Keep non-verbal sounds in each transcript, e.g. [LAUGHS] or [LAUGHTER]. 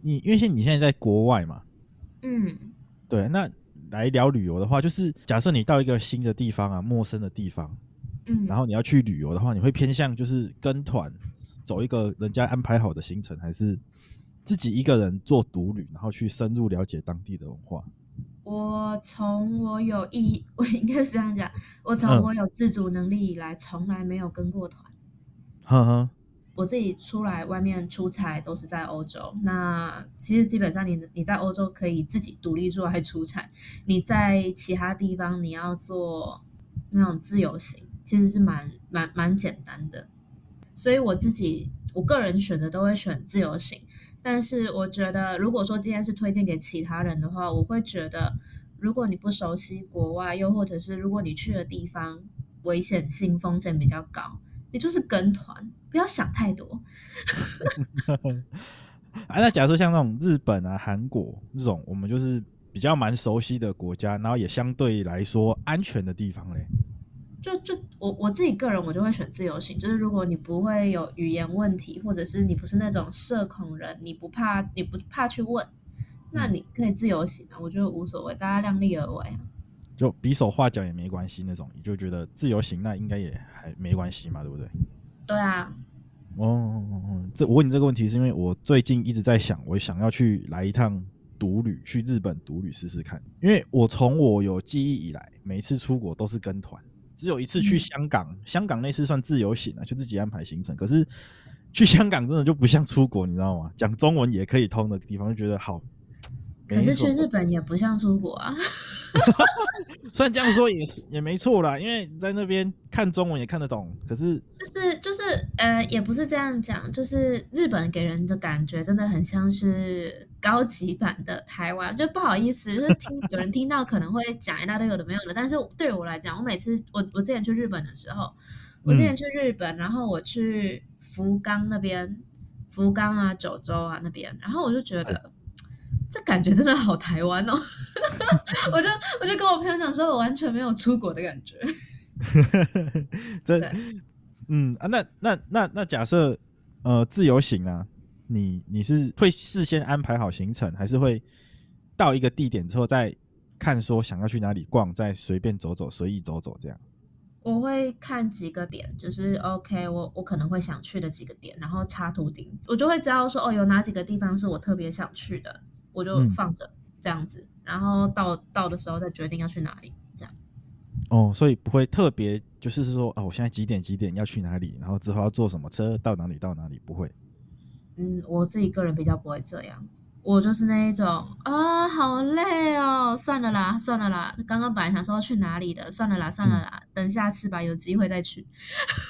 你因為現在你現在在國外嘛，嗯，對，那來聊旅遊的話，就是假設你到一個新的地方啊，陌生的地方，嗯，然後你要去旅遊的話，你會偏向就是跟團，走一個人家安排好的行程，還是自己一個人做獨旅，然後去深入了解當地的文化？我從我有意，我應該是這樣講，我從我有自主能力以來，從來沒有跟過團。哈哈，嗯。呵呵我自己出來外面出差都是在歐洲，那其實基本上你你在歐洲可以自己獨立出來出差；你在其他地方你要做那種自由行，其實是蠻蠻蠻簡單的。所以我自己我個人選擇都會選自由行，但是我覺得如果說今天是推薦給其他人的話，我會覺得如果你不熟悉國外，又或者是如果你去的地方危險性風險比較高，你就是跟團。不要想太多。 [LAUGHS] [LAUGHS] 啊，那假設像那種日本啊、韓國這種，我們就是比較蠻熟悉的國家，然後也相對來說安全的地方嘞。就就我我自己個人，我就會選自由行。就是如果你不會有語言問題，或者是你不是那種社恐人，你不怕你不怕去問，那你可以自由行啊。嗯、我覺得無所謂，大家量力而為。就比手畫腳也沒關係那種，你就覺得自由行那應該也還沒關係嘛，對不對？對啊，哦、oh, oh, oh, oh.，這我問你這個問題，是因為我最近一直在想，我想要去來一趟獨旅，去日本獨旅試試看。因為我從我有記憶以來，每次出國都是跟團，只有一次去香港，嗯、香港那次算自由行啊，就自己安排行程。可是去香港真的就不像出國，你知道嗎？講中文也可以通的地方，就覺得好。可是去日本也不像出國啊。 [LAUGHS] 雖然 [LAUGHS] 這樣說也是也沒錯啦，因為在那邊看中文也看得懂，可是就是就是呃，也不是這樣講，就是日本給人的感覺真的很像是高級版的台灣，就不好意思，就是聽 [LAUGHS] 有人聽到可能會講一大堆有的沒有的，但是對我來講，我每次我我之前去日本的時候，我之前去日本，嗯、然後我去福岡那邊，福岡啊九州啊那邊，然後我就覺得。哎這感覺真的好台灣哦！ [LAUGHS] 我就我就跟我朋友講說，我完全沒有出國的感覺 [LAUGHS] 這。真的對，嗯啊，那那那那，那那假設呃自由行啊，你你是會事先安排好行程，還是會到一個地點之後再看說想要去哪裡逛，再隨便走走、隨意走走這樣？我會看幾個點，就是 OK，我我可能會想去的幾個點，然後插圖釘，我就會知道說哦，有哪幾個地方是我特別想去的。我就放着這樣子，嗯、然後到到的時候再決定要去哪裡，這樣。哦，所以不會特別就是說，哦，我現在幾點幾點要去哪裡，然後之後要坐什麼車到哪裡到哪裡，不會。嗯，我自己個人比較不會這樣，我就是那一種啊、哦，好累哦算，算了啦，算了啦，剛剛本來想說要去哪裡的，算了啦，算了啦，嗯、等下次吧，有機會再去。 [LAUGHS]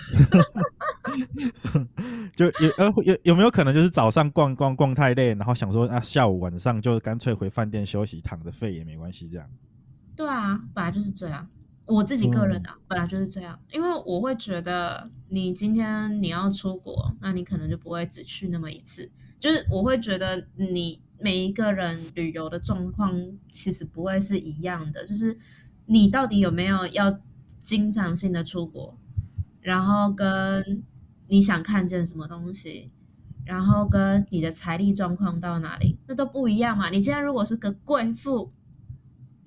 [LAUGHS] [LAUGHS] [LAUGHS] 就呃有呃有有沒有可能就是早上逛逛逛太累，然後想說啊，下午晚上就乾脆回飯店休息躺着睡也沒關係這樣？對啊，本來就是這樣，我自己個人的、啊嗯、本來就是這樣，因為我會覺得你今天你要出國，那你可能就不會只去那麼一次，就是我會覺得你每一個人旅遊的狀況其實不會是一樣的，就是你到底有沒有要經常性的出國？然後跟你想看見什麼東西，然後跟你的財力狀況到哪裡，那都不一樣嘛。你現在如果是個貴婦，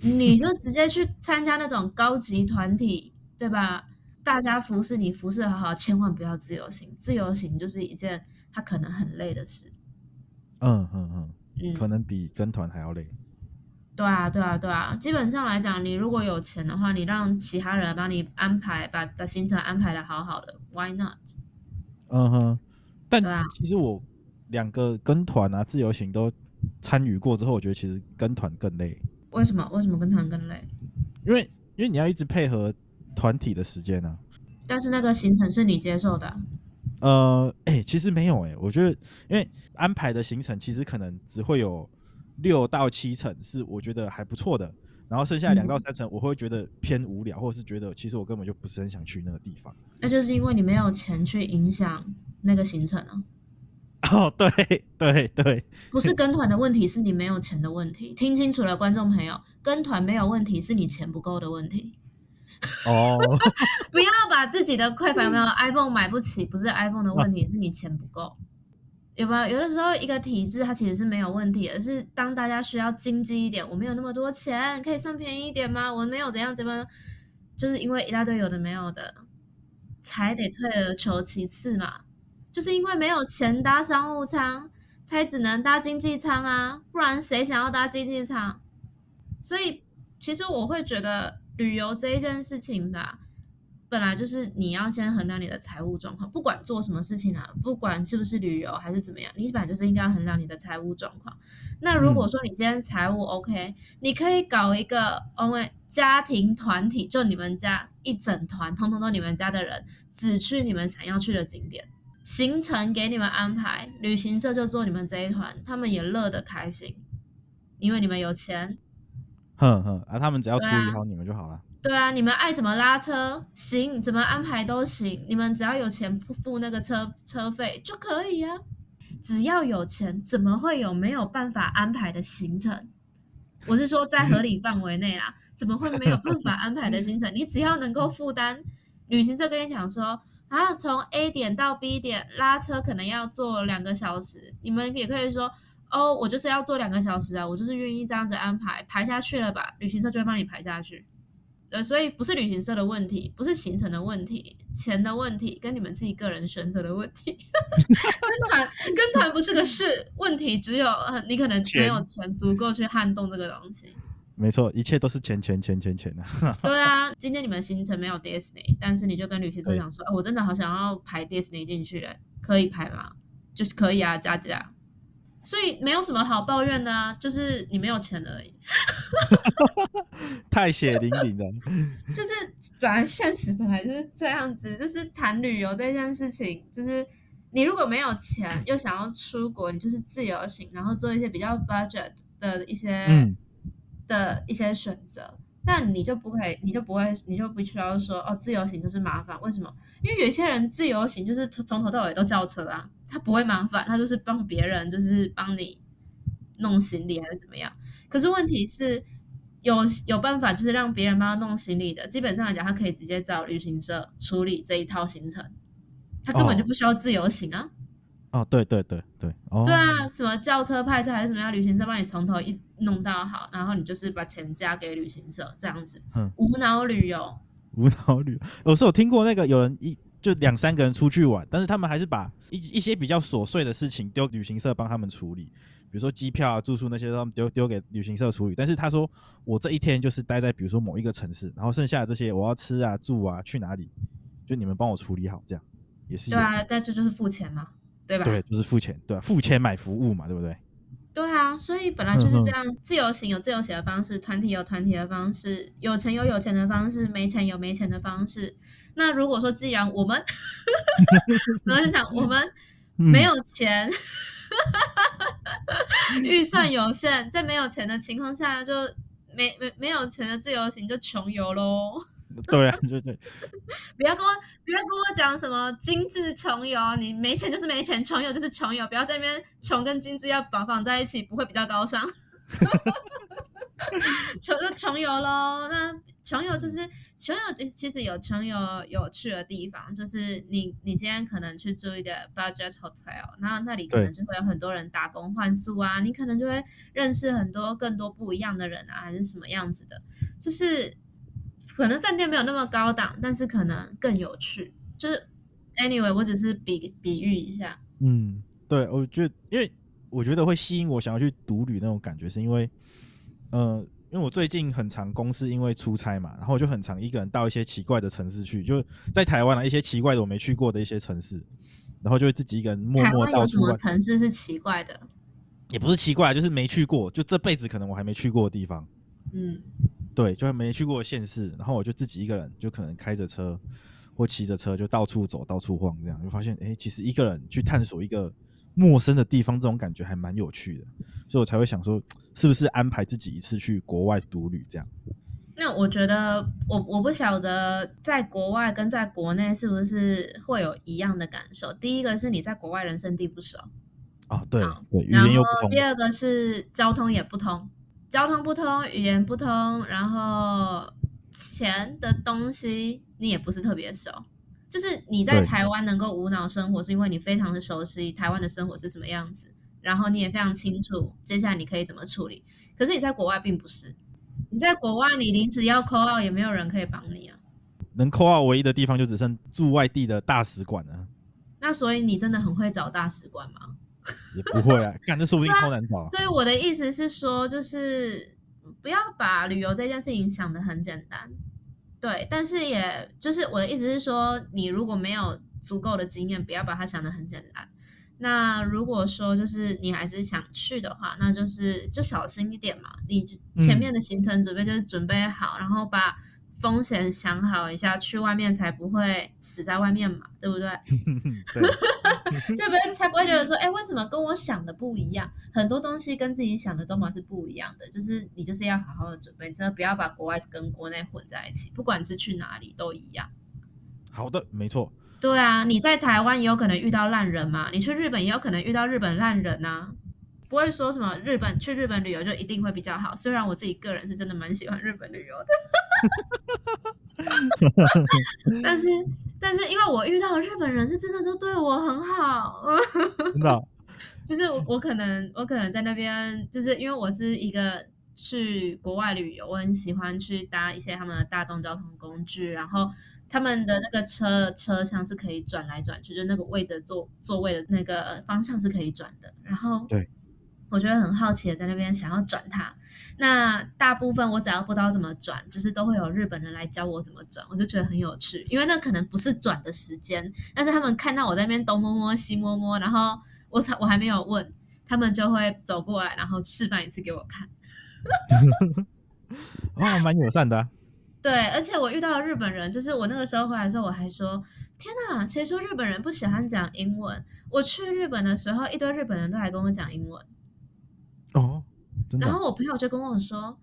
你就直接去參加那種高級團體， [LAUGHS] 對吧？大家服侍你，服侍好好，千萬不要自由行。自由行就是一件他可能很累的事。嗯嗯嗯，嗯嗯可能比跟團還要累。對啊，對啊，對啊，基本上來講，你如果有錢的話，你讓其他人幫你安排，把把行程安排的好好的，Why not？嗯哼，但對吧？其實我兩個跟團啊，自由行都參與過之後，我覺得其實跟團更累。為什麼？為什麼跟團更累？因為因為你要一直配合團體的時間啊。但是那個行程是你接受的啊。呃，哎，其實沒有哎，我覺得因為安排的行程其實可能只會有。六到七成是我覺得還不錯的，然後剩下兩到三成我會覺得偏無聊，嗯、或是覺得其實我根本就不是很想去那個地方。那、欸、就是因為你沒有錢去影響那個行程、喔、哦，對對對。對，不是跟團的問題，是你沒有錢的問題。聽清楚了，觀眾朋友，跟團沒有問題，是你錢不夠的問題。哦， [LAUGHS] 不要把自己的匱乏，沒有對 iPhone 買不起，不是 iPhone 的問題，啊、是你錢不夠。有吧？有的時候一個體制它其實是沒有問題的，而是當大家需要經濟一點，我沒有那麼多錢，可以算便宜一點嗎？我沒有怎樣怎麼，就是因為一大堆有的沒有的，才得退而求其次嘛。就是因為沒有錢搭商務艙，才只能搭經濟艙啊，不然誰想要搭經濟艙？所以其實我會覺得旅遊這一件事情吧。本來就是你要先衡量你的財務狀況，不管做什麼事情啊，不管是不是旅遊還是怎麼樣，你本來就是應該衡量你的財務狀況。那如果說你今天財務 OK，、嗯、你可以搞一個 only 家庭團體，就你們家一整團，通通都你們家的人，只去你們想要去的景點，行程給你們安排，旅行社就做你們這一團，他們也樂得開心，因為你們有錢。哼哼，而、啊、他們只要處理好你們就好了。對啊，你們愛怎麼拉車行，怎麼安排都行。你們只要有錢付那個車車費就可以呀、啊。只要有錢，怎麼會有沒有辦法安排的行程？我是說在合理範圍內啦， [LAUGHS] 怎麼會沒有辦法安排的行程？你只要能夠負擔，旅行社跟你講說啊，從 A 點到 B 點拉車可能要坐兩個小時，你們也可以說哦，我就是要坐兩個小時啊，我就是願意這樣子安排排下去了吧，旅行社就會幫你排下去。對，所以不是旅行社的問題，不是行程的問題，錢的問題，跟你們自己個人選擇的問題。 [LAUGHS] 跟團 [LAUGHS] 跟團不是個事，問題只有呃，你可能沒有錢足夠去撼動這個東西。沒錯，一切都是錢錢錢錢錢啊！ [LAUGHS] 對啊，今天你們行程沒有 Disney，但是你就跟旅行社講說，哎對、啊，我真的好想要排 Disney 進去，可以排嗎？就是可以啊，加價。所以沒有什麼好抱怨的，啊，就是你沒有錢而已。 [LAUGHS] [LAUGHS] 太血淋淋了。就是反正現實本來就是這樣子，就是談旅遊這件事情，就是你如果沒有錢又想要出國，你就是自由行，然後做一些比較 budget 的一些的，一些選擇，嗯，那你就不會，你就不會，你就不需要說哦，自由行就是麻煩。為什麼？因為有些人自由行就是從頭到尾都叫車啊。他不會麻煩，他就是幫別人，就是幫你弄行李還是怎麼樣。可是問題是，有有辦法就是讓別人幫他弄行李的。基本上來講，他可以直接找旅行社處理這一套行程，他根本就不需要自由行啊。哦，哦，對對對對。哦、對啊，什麼叫車派車還是什麼樣？旅行社幫你從頭一弄到好，然後你就是把錢交給旅行社這樣子。嗯。無腦旅遊。無腦旅遊，我是我聽過那個有人一。就兩三個人出去玩，但是他們還是把一一些比較瑣碎的事情丟旅行社幫他們處理，比如說機票啊、住宿那些都，都丟丟給旅行社處理。但是他說，我這一天就是待在比如說某一個城市，然後剩下的這些我要吃啊、住啊、去哪裡，就你們幫我處理好，這樣也是對啊。但這就是付錢嘛，對吧？對，就是付錢，對啊，付錢買服務嘛，對不對？對啊，所以本來就是這樣，自由行有自由行的方式，團體有團體的方式，有錢有有錢的方式，沒錢有沒錢的方式。那如果說，既然我們，我在想，我們沒有錢，嗯、 [LAUGHS] 預算有限，在沒有錢的情況下，就沒沒沒有錢的自由行就窮遊嘍。對啊，就是對。 [LAUGHS] 不要跟我，不要跟我講什麼精緻窮遊。你沒錢就是沒錢，窮遊就是窮遊。不要在那邊窮跟精緻要綁綁在一起，不會比較高尚。窮 [LAUGHS] [LAUGHS] 就窮遊嘍。那窮遊就是窮遊，其實有窮遊有趣的地方，就是你你今天可能去住一個 budget hotel，那那裡可能就會有很多人打工換宿啊，對你可能就會認識很多更多不一樣的人啊，還是什麼樣子的，就是。可能飯店沒有那麼高檔，但是可能更有趣。就是 anyway，我只是比比喻一下。嗯，對，我覺得，因為我覺得會吸引我想要去獨旅那種感覺，是因為，呃，因為我最近很常公司，因為出差嘛，然後就很常一個人到一些奇怪的城市去，就在台灣啊一些奇怪的我沒去過的一些城市，然後就會自己一個人默默到。有什麼城市是奇怪的？也不是奇怪，就是沒去過，就這輩子可能我還沒去過的地方。嗯。對，就還沒去過縣市，然後我就自己一個人，就可能開着車或騎着車，就到處走，到處晃，這樣就發現，哎，其實一個人去探索一個陌生的地方，這種感覺還蠻有趣的，所以我才會想說，是不是安排自己一次去國外獨旅這樣？那我覺得，我我不曉得在國外跟在國內是不是會有一樣的感受。第一個是你在國外人生地不熟啊，對好對，語言又不通，然後第二個是交通也不通。交通不通，語言不通，然後錢的東西你也不是特別熟。就是你在台灣能夠無腦生活，是因為你非常的熟悉台灣的生活是什麼樣子，然後你也非常清楚接下來你可以怎麼處理。可是你在國外並不是，你在國外你臨時要扣號也沒有人可以幫你啊。能扣號唯一的地方就只剩駐外地的大使館啊。那所以你真的很會找大使館嗎？也不會啊，幹，的說不定超難。所以我的意思是說，就是不要把旅遊這件事情想得很簡單。對，但是也就是我的意思是說，你如果沒有足夠的經驗，不要把它想得很簡單。那如果說就是你還是想去的話，那就是就小心一點嘛。你前面的行程準備就是準備好，然後把風險想好一下，去外面才不會死在外面嘛，對不對？對。 [LAUGHS] 就不會才不會覺得說，哎、欸，為什麼跟我想的不一樣？很多東西跟自己想的都嘛是不一樣的。就是你就是要好好的準備，真的不要把國外跟國內混在一起。不管是去哪裡都一樣。好的，沒錯。對啊，你在台灣也有可能遇到爛人嘛，你去日本也有可能遇到日本爛人吶、啊。不會說什麼日本去日本旅遊就一定會比較好，雖然我自己個人是真的蠻喜歡日本旅遊的， [LAUGHS] [LAUGHS] [LAUGHS] 但是。但是因為我遇到的日本人是真的都對我很好，真、哦，真 [LAUGHS] 就是我我可能我可能在那邊，就是因為我是一個去國外旅遊，我很喜歡去搭一些他們的大衆交通工具，然後他們的那個車車廂是可以轉來轉去，就是、那個位置坐座位的那個方向是可以轉的，然後對，我覺得很好奇的在那邊想要轉它。那大部分我只要不知道怎麼轉，就是都會有日本人來教我怎麼轉，我就覺得很有趣。因為那可能不是轉的時間，但是他們看到我在那邊東摸摸西摸摸，然後我才我還沒有問，他們就會走過來，然後示範一次給我看。哇， [LAUGHS] [LAUGHS] 哦，蠻友善的啊。對，而且我遇到日本人，就是我那個時候回來的時候，我還說：“天哪，誰說日本人不喜歡講英文？我去日本的時候，一堆日本人都來跟我講英文。”然後我朋友就跟我說：“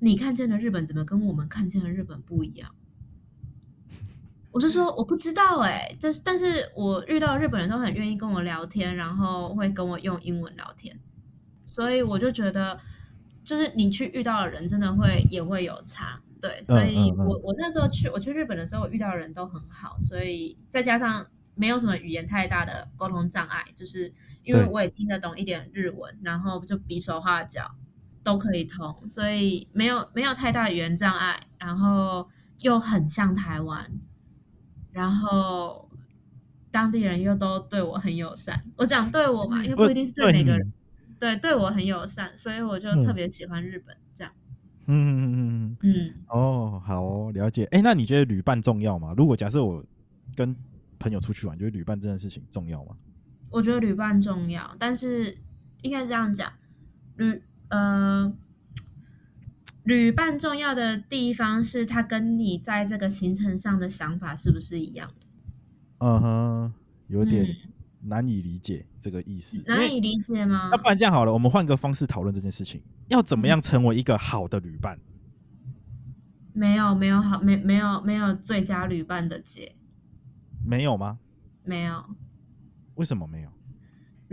你看見的日本怎麼跟我們看見的日本不一樣？”我就說：“我不知道誒、欸，就是但是我遇到日本人都很願意跟我聊天，然後會跟我用英文聊天，所以我就覺得，就是你去遇到的人真的會、嗯、也會有差，對。嗯、所以我、嗯、我那時候去我去日本的時候，我遇到的人都很好，所以再加上沒有什麼語言太大的溝通障礙，就是因為我也聽得懂一點日文，對然後就比手畫腳。”都可以通，所以沒有沒有太大的語言障礙，然後又很像台灣，然後當地人又都對我很友善。我講對我嘛，又不一定是對每個人，對對,對我很友善，所以我就特別喜歡日本。這樣，嗯嗯嗯嗯嗯，嗯嗯哦，好哦，了解。哎、欸，那你覺得旅伴重要嗎？如果假設我跟朋友出去玩，你覺得旅伴這件事情重要嗎？我覺得旅伴重要，但是應該是這樣講，旅。呃，旅伴重要的地方是，他跟你在這個行程上的想法是不是一樣的？嗯哼、uh，huh, 有點難以理解這個意思。嗯、為難以理解嗎？那不然這樣好了，我們換個方式討論這件事情。要怎麼樣成為一個好的旅伴？嗯？沒有，沒有好，沒沒有沒有最佳旅伴的姐，沒有嗎？沒有。為什麼沒有？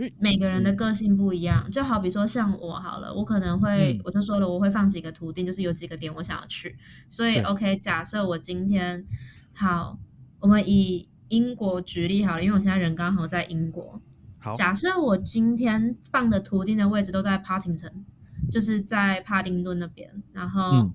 嗯嗯、每個人的個性不一樣，就好比說像我好了，我可能會，嗯、我就說了，我會放幾個圖釘，就是有幾個點我想要去。所以，OK，對假設我今天好，我們以英國舉例好了，因為我現在人剛好在英國。好，假設我今天放的圖釘的位置都在帕丁頓，就是在帕丁頓那邊。然後，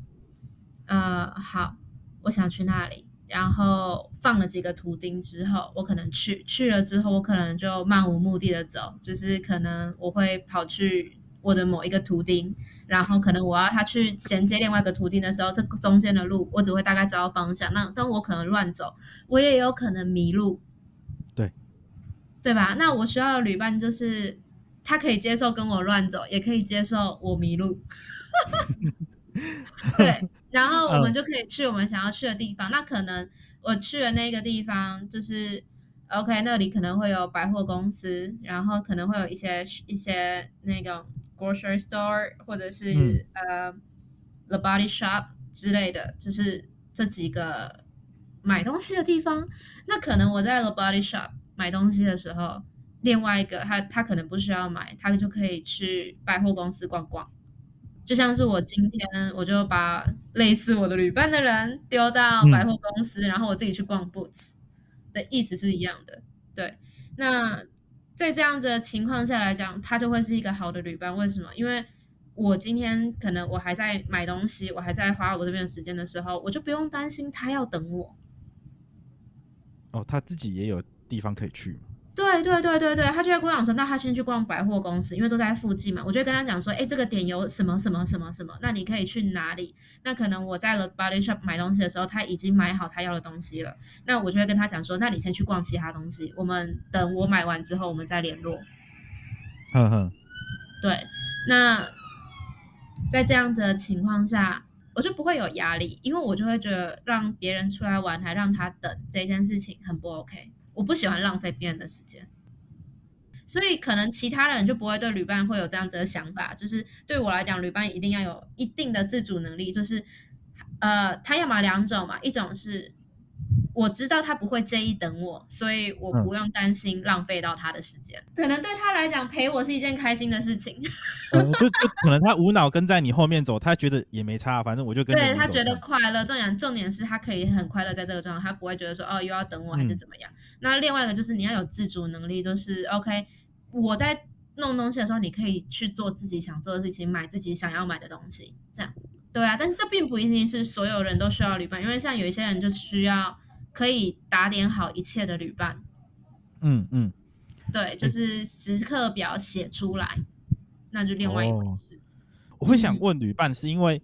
嗯、呃，好，我想去那裡。然後放了幾個圖釘之後，我可能去去了之後，我可能就漫無目的的走，就是可能我會跑去我的某一個圖釘，然後可能我要他去銜接另外一個圖釘的時候，這個、中間的路我只會大概知道方向，那但我可能亂走，我也有可能迷路，對，對吧？那我需要的旅伴就是他可以接受跟我亂走，也可以接受我迷路， [LAUGHS] 對。 [LAUGHS] 然後我們就可以去我們想要去的地方。Uh, 那可能我去的那個地方，就是 OK，那裡可能會有百貨公司，然後可能會有一些一些那個 grocery store 或者是、嗯、呃 the body shop 之類的，就是這幾個買東西的地方。那可能我在 the body shop 買東西的時候，另外一個他他可能不需要買，他就可以去百貨公司逛逛。就像是我今天，我就把類似我的旅伴的人丟到百貨公司，嗯、然後我自己去逛 Boots 的意思是一樣的。對，那在這樣子的情況下來講，他就會是一個好的旅伴。為什麼？因為我今天可能我還在買東西，我還在花我這邊的時間的時候，我就不用擔心他要等我。哦，他自己也有地方可以去。對對對對對，他就會跟我講說，那他先去逛百貨公司，因為都在附近嘛。我就會跟他講說：“哎，這個點有什麼什麼什麼什麼？那你可以去哪裡？”那可能我在 The Body Shop 買東西的時候，他已經買好他要的東西了。那我就會跟他講說：“那你先去逛其他東西，我們等我買完之後，我們再聯絡。”哈哈，對。那在這樣子的情況下，我就不會有壓力，因為我就會覺得讓別人出來玩還讓他等這件事情很不 OK。我不喜歡浪費別人的時間，所以可能其他人就不會對旅伴會有這樣子的想法。就是對我來講，旅伴一定要有一定的自主能力，就是呃，他要麼兩種嘛，一種是。我知道他不會介意等我，所以我不用擔心浪費到他的時間。嗯、可能對他來講，陪我是一件開心的事情。 [LAUGHS] 哦、可能他無腦跟在你後面走，他覺得也沒差，反正我就跟他走。對，他覺得快樂。重點重點是他可以很快樂在這個狀態，他不會覺得說哦又要等我還是怎麼樣。嗯、那另外一個就是你要有自主能力，就是 OK，我在弄東西的時候，你可以去做自己想做的事情，買自己想要買的東西。這樣。對啊，但是這並不一定是所有人都需要旅伴，因為像有一些人就需要。可以打點好一切的旅伴，嗯，嗯嗯，對，就是時刻表寫出來，欸，那就另外一回事。哦、我會想問旅伴，是因為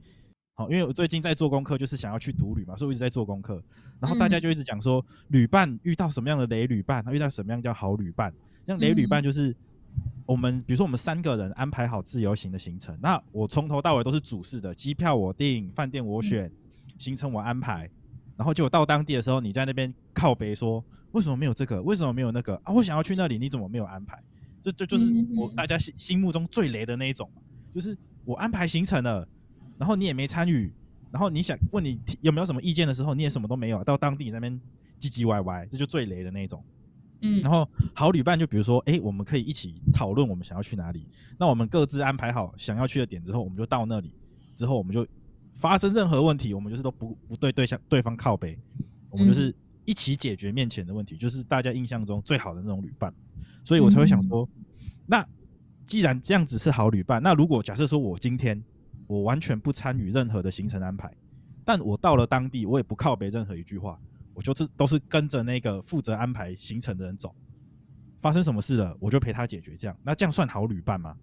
好，嗯、因為我最近在做功課，就是想要去獨旅嘛，所以我一直在做功課。然後大家就一直講說，嗯、旅伴遇到什麼樣的雷旅伴，遇到什麼樣叫好旅伴。那雷旅伴就是我們，嗯、比如說我們三個人安排好自由行的行程，那我從頭到尾都是主事的，機票我訂，飯店我選，嗯、行程我安排。然後就到當地的時候，你在那邊靠北說：“為什麼沒有這個？為什麼沒有那個？啊，我想要去那裡，你怎麼沒有安排？”這這就，就是我大家心心目中最雷的那一種，就是我安排行程了，然後你也沒參與，然後你想問你有沒有什麼意見的時候，你也什麼都沒有。到當地那邊唧唧歪歪，這就最雷的那一種。嗯，然後好旅伴就比如說，哎，我們可以一起討論我們想要去哪裡，那我們各自安排好想要去的點之後，我們就到那裡，之後我們就。發生任何問題，我們就是都不不對對象對方靠北，我們就是一起解決面前的問題，嗯、就是大家印象中最好的那種旅伴。所以我才會想說，嗯、那既然這樣子是好旅伴，那如果假設說我今天我完全不參與任何的行程安排，但我到了當地我也不靠北任何一句話，我就是都是跟着那個負責安排行程的人走，發生什麼事了我就陪他解決，這樣那這樣算好旅伴嗎？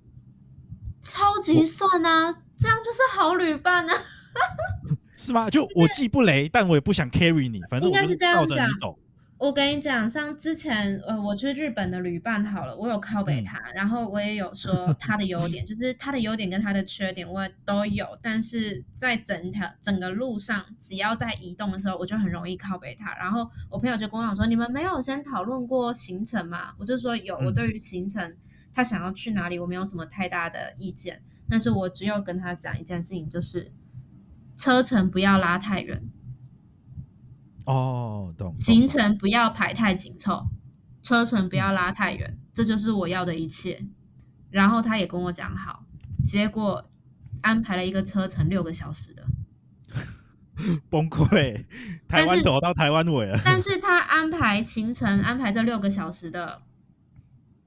超級算啊，我這樣就是好旅伴啊。 [LAUGHS] 是嗎？就我既不雷，就是、但我也不想 carry 你。反正照着你走應該是這樣講。我跟你講，像之前，呃，我去日本的旅伴好了，我有靠北他，嗯、然後我也有說他的優點， [LAUGHS] 就是他的優點跟他的缺點我都有。但是在整條整個路上，只要在移動的時候，我就很容易靠北他。然後我朋友就跟我講說：“你們沒有先討論過行程嗎？”我就說：“有。”我對於行程、嗯、他想要去哪裡，我沒有什麼太大的意見。但是我只有跟他講一件事情，就是。車程不要拉太遠。哦，懂。行程不要排太緊湊，車程不要拉太遠，這就是我要的一切。然後他也跟我講好，結果安排了一個車程六個小時的，崩潰，台灣頭到台灣尾了。但是他安排行程，安排這六個小時的。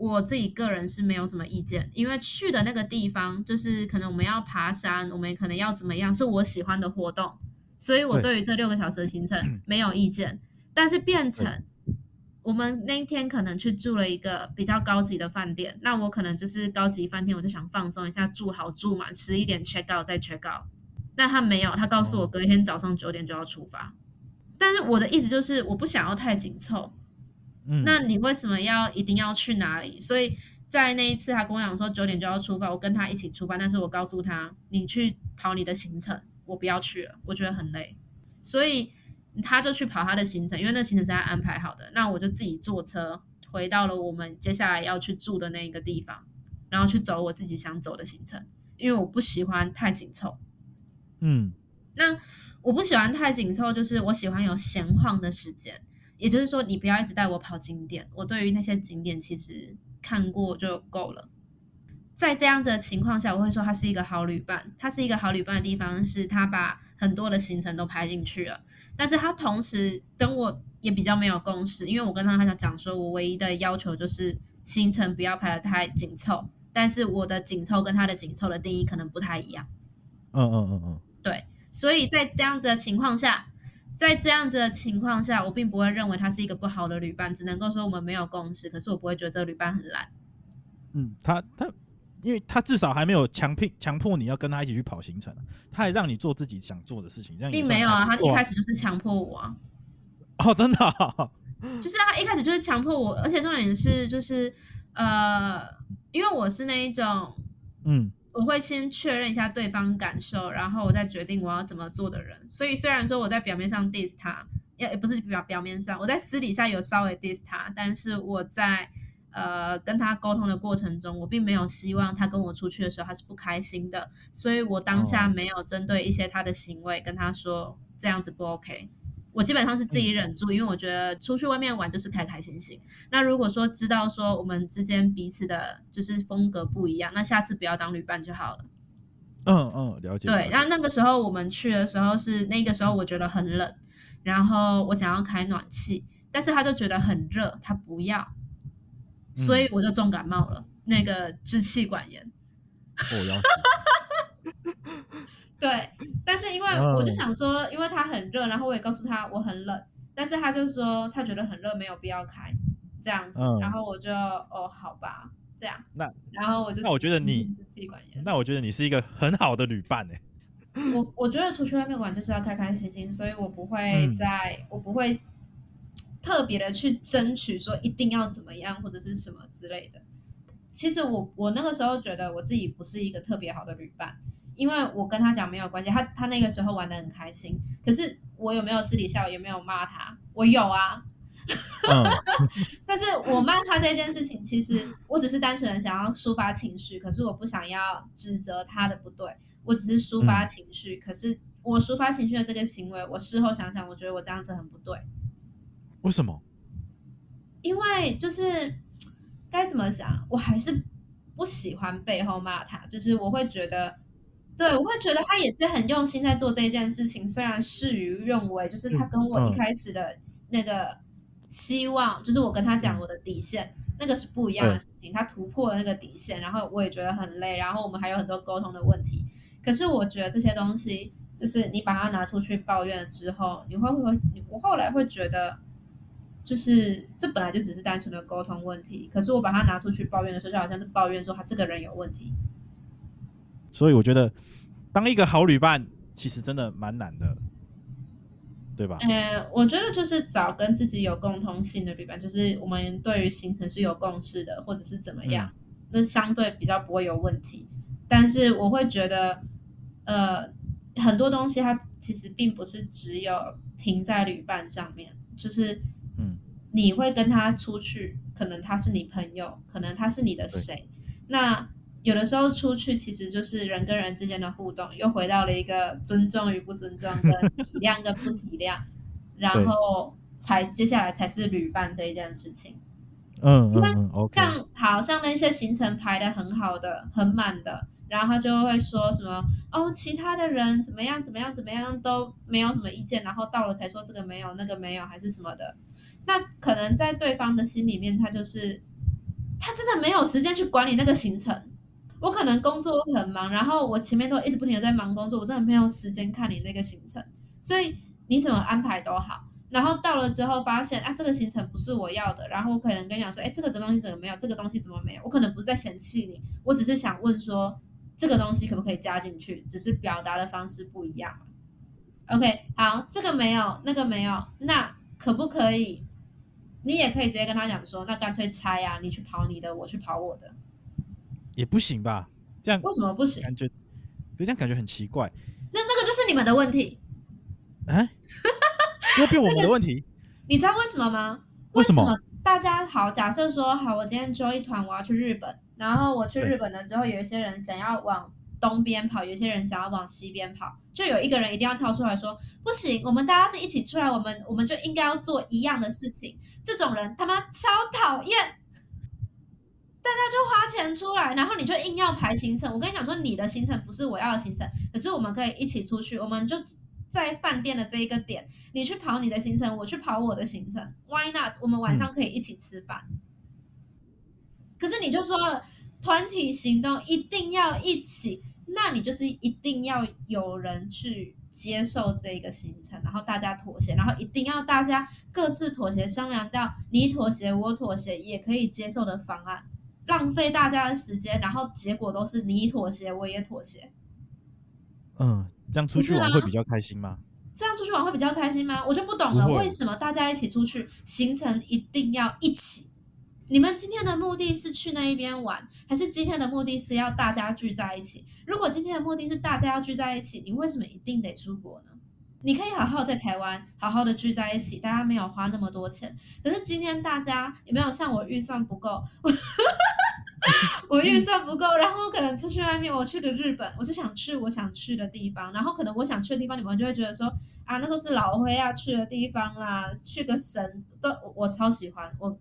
我自己個人是沒有什麼意見，因為去的那個地方就是可能我們要爬山，我們可能要怎麼樣，是我喜歡的活動，所以我對於這六個小時的行程沒有意見。對但是變成我們那天可能去住了一個比較高級的飯店，那我可能就是高級飯店，我就想放鬆一下，住好住滿，十一點 check out 再 check out。但他沒有，他告訴我隔一天早上九點就要出發。但是我的意思就是，我不想要太緊湊。嗯，那你為什麼要一定要去哪裡？所以在那一次，他跟我講說九點就要出發，我跟他一起出發。但是我告訴他，你去跑你的行程，我不要去了，我覺得很累。所以他就去跑他的行程，因為那行程是他安排好的。那我就自己坐車回到了我們接下來要去住的那個地方，然後去走我自己想走的行程，因為我不喜歡太緊湊。嗯，那我不喜歡太緊湊，就是我喜歡有閒晃的時間。也就是說，你不要一直帶我跑景點，我對於那些景點其實看過就夠了。在這樣子的情況下，我會說他是一個好旅伴。他是一個好旅伴的地方是他把很多的行程都排進去了，但是他同時跟我也比較沒有共識，因為我跟他還講說，我唯一的要求就是行程不要排得太緊湊，但是我的緊湊跟他的緊湊的定義可能不太一樣。嗯嗯嗯嗯，對，所以在這樣子的情況下。在這樣子的情況下，我並不會認為他是一個不好的旅伴，只能夠說我們沒有共識。可是我不會覺得這個旅伴很爛，嗯，他他，因為他至少還沒有強迫強迫你要跟他一起去跑行程，他也讓你做自己想做的事情。這樣並沒有啊，他一開始就是強迫我啊。哇哦，真的哦？就是他一開始就是強迫我，而且重點是就是呃，因為我是那一種，嗯。我會先確認一下對方感受，然後我再決定我要怎麼做的人。所以雖然說我在表面上 diss 他，也不是表表面上，我在私底下有稍微 diss 他，但是我在呃跟他溝通的過程中，我並沒有希望他跟我出去的時候他是不開心的。所以我當下沒有針對一些他的行為跟他說這樣子不 OK。我基本上是自己忍住，因為我覺得出去外面玩就是開開心心。嗯、那如果說知道說我們之間彼此的就是風格不一樣，那下次不要當旅伴就好了。嗯嗯，了解。對，那、嗯、那個時候我們去的時候是那個時候，我覺得很冷，然後我想要開暖氣，但是他就覺得很熱，他不要，所以我就重感冒了，嗯、那個支氣管炎。哦 [LAUGHS] 對，但是因為我就想說，因為他很熱，然後我也告訴他我很冷，但是他就說他覺得很熱，沒有必要開這樣子，嗯、然後我就哦好吧，這樣，那然後我就那我覺得你支氣管炎，那我覺得你是一個很好的旅伴，欸、我我覺得出去外面玩就是要開開心心，所以我不會再，嗯、我不會特別的去爭取說一定要怎麼樣或者是什麼之類的，其實我我那個時候覺得我自己不是一個特別好的旅伴。因為我跟他講沒有關係，他他那個時候玩得很開心。可是我有沒有私底下有沒有罵他？我有啊。 [LAUGHS] 但是我罵他這件事情，其實我只是單純的想要抒發情緒，可是我不想要指責他的不對，我只是抒發情緒。嗯。可是我抒發情緒的這個行為，我事後想想，我覺得我這樣子很不對。為什麼？因為就是該怎麼想，我還是不喜歡背後罵他。就是我會覺得。對，我會覺得他也是很用心在做這件事情，雖然事與願違，就是他跟我一開始的那個希望，嗯哦、就是我跟他講我的底線，那個是不一樣的事情，嗯、他突破了那個底線，然後我也覺得很累，然後我們還有很多溝通的問題。可是我覺得這些東西，就是你把它拿出去抱怨了之後，你會不會？我後來會覺得，就是這本來就只是單純的溝通問題，可是我把它拿出去抱怨的時候，就好像是抱怨說他這個人有問題。所以我覺得，當一個好旅伴其實真的蠻難的，對吧？呃、欸，我覺得就是找跟自己有共通性的旅伴，就是我們對於行程是有共識的，或者是怎麼樣，那、嗯、相對比較不會有問題。但是我會覺得，呃，很多東西它其實並不是只有停在旅伴上面，就是嗯，你會跟他出去，嗯、可能他是你朋友，可能他是你的誰，對那。有的時候出去其實就是人跟人之間的互動，又回到了一個尊重與不尊重、跟體諒跟不體諒， [LAUGHS] 然後才對接下來才是旅伴這一件事情。嗯，因為像嗯、okay、好像那些行程排得很好的、很滿的，然後他就會說什麼哦，其他的人怎麼樣、怎麼樣、怎麼樣都沒有什麼意見，然後到了才說這個沒有、那個沒有還是什麼的。那可能在對方的心裡面，他就是他真的沒有時間去管理那個行程。我可能工作很忙，然後我前面都一直不停的在忙工作，我真的沒有時間看你那個行程，所以你怎麼安排都好。然後到了之後發現啊，這個行程不是我要的，然後我可能跟你講說，哎，這個東西怎麼沒有，這個東西怎麼沒有？我可能不是在嫌棄你，我只是想問說這個東西可不可以加進去，只是表達的方式不一樣。OK，好，這個沒有，那個沒有，那可不可以？你也可以直接跟他講說，那乾脆拆呀、啊，你去跑你的，我去跑我的。也不行吧？這樣為什麼不行？感覺這樣感覺很奇怪。那那個就是你們的問題啊？ [LAUGHS] 又變我們的問題、 [LAUGHS] 那個？你知道為什麼嗎？為什麼？什麼大家好，假設說好，我今天 join 一團，我要去日本。然後我去日本了之後，對有一些人想要往東邊跑，有些人想要往西邊跑，就有一個人一定要跳出來說：“不行，我們大家是一起出來，我們我們就應該要做一樣的事情。”這種人他媽超討厭。大家就花錢出來，然後你就硬要排行程。我跟你講說，你的行程不是我要的行程，可是我們可以一起出去。我們就在飯店的這一個點，你去跑你的行程，我去跑我的行程。Why not？我們晚上可以一起吃飯。嗯。可是你就說了，團體行動一定要一起，那你就是一定要有人去接受這個行程，然後大家妥協，然後一定要大家各自妥協，商量到你妥協我妥協也可以接受的方案。浪費大家的時間，然後結果都是你妥協，我也妥協。嗯，這樣出去玩會比較開心嗎？這樣出去玩會比較開心嗎？我就不懂了，為什麼大家一起出去，會行程一定要一起？你們今天的目的是去那一邊玩，還是今天的目的是要大家聚在一起？如果今天的目的是大家要聚在一起，你為什麼一定得出國呢？你可以好好在台灣，好好的聚在一起，大家沒有花那麼多錢。可是今天大家也沒有像我預算不夠。 [LAUGHS] [LAUGHS] 我預算不夠，然後我可能出去外面，我去個日本，我就想去我想去的地方，然後可能我想去的地方，你們就會覺得說啊，那時候是老灰要、啊、去的地方啦、啊，去個神都，我超喜歡，我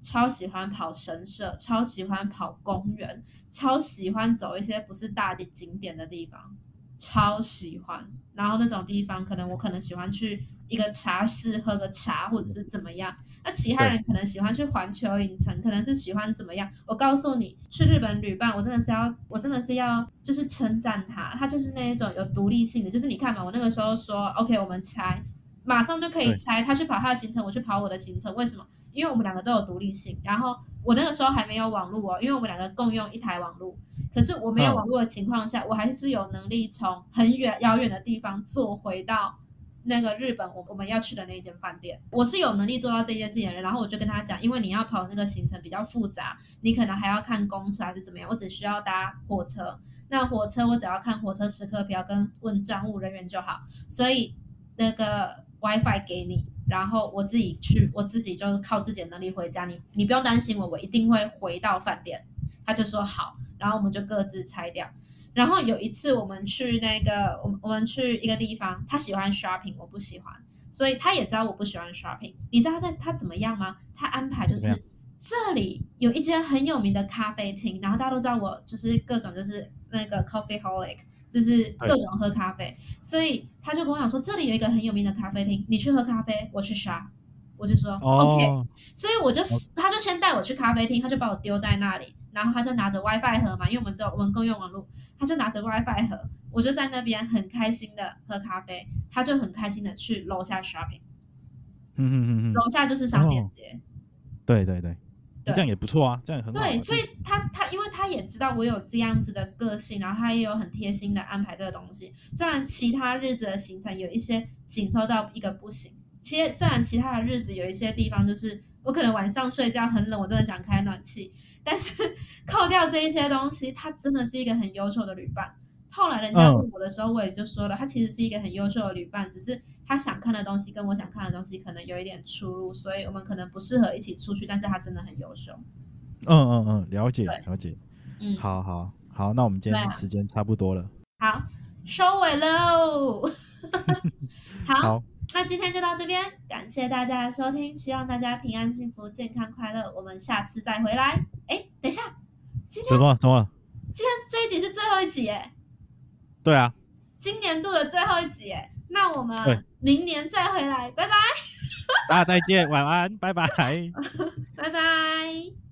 超喜歡跑神社，超喜歡跑公園，超喜歡走一些不是大的景點的地方。超喜歡，然後那種地方，可能我可能喜歡去一個茶室喝個茶，或者是怎麼樣。那其他人可能喜歡去環球影城，對可能是喜歡怎麼樣？我告訴你，去日本旅伴，我真的是要，我真的是要，就是稱讚他，他就是那一種有獨立性的，就是你看嘛，我那個時候說，OK，我們拆，馬上就可以拆。對他去跑他的行程，我去跑我的行程。為什麼？因為我們兩個都有獨立性。然後我那個時候還沒有網絡哦，因為我們兩個共用一台網絡。可是我沒有網絡的情況下，好我還是有能力從很遠遙遠的地方坐回到那個日本我我們要去的那間飯店。我是有能力做到這件事情的人。然後我就跟他講，因為你要跑那個行程比較複雜，你可能還要看公車還是怎麼樣。我只需要搭火車，那火車我只要看火車時刻表跟問站務人員就好。所以那個 WiFi 給你，然後我自己去，我自己就是靠自己的能力回家。你你不用擔心我，我一定會回到飯店。他就說好，然後我們就各自拆掉。然後有一次我們去那個，我我們去一個地方，他喜歡 shopping，我不喜歡，所以他也知道我不喜歡 shopping。你知道在他怎麼樣嗎？他安排就是 Okay. 這裡有一間很有名的咖啡廳，然後大家都知道我就是各種就是那個 coffee、eh、holic，就是各種喝咖啡。Okay. 所以他就跟我講說，這裡有一個很有名的咖啡廳，你去喝咖啡，我去刷。我就說、oh. OK，所以我就他就先帶我去咖啡廳，他就把我丟在那裡。然後他就拿着 WiFi 盒嘛，因為我們只有我們公用網路，他就拿着 WiFi 盒，我就在那邊很開心的喝咖啡，他就很開心的去樓下 shopping，嗯嗯嗯，樓下就是商店街，哦、對對對，對這樣也不錯啊，這樣也很好，啊、對，對，所以他他因為他也知道我有這樣子的個性，然後他也有很貼心的安排這個東西，雖然其他日子的行程有一些緊湊到一個不行，其實雖然其他的日子有一些地方就是。我可能晚上睡覺很冷，我真的想開暖氣，但是扣掉這一些東西，他真的是一個很優秀的旅伴。後來人家問我的時候，嗯、我也就說了，他其實是一個很優秀的旅伴，只是他想看的東西跟我想看的東西可能有一點出入，所以我們可能不適合一起出去，但是他真的很優秀。嗯嗯嗯，了解了解，對嗯，好好好，那我們今天的時間差不多了，好，收尾嘍， [LAUGHS] 好。好那今天就到這邊，感謝大家的收聽，希望大家平安、幸福、健康、快樂。我們下次再回來。哎、欸，等一下，今天今天這一集是最後一集耶。對啊，今年度的最後一集耶。那我們明年再回來，對拜拜。大家再見，晚安， [LAUGHS] 拜拜， [LAUGHS] 拜拜。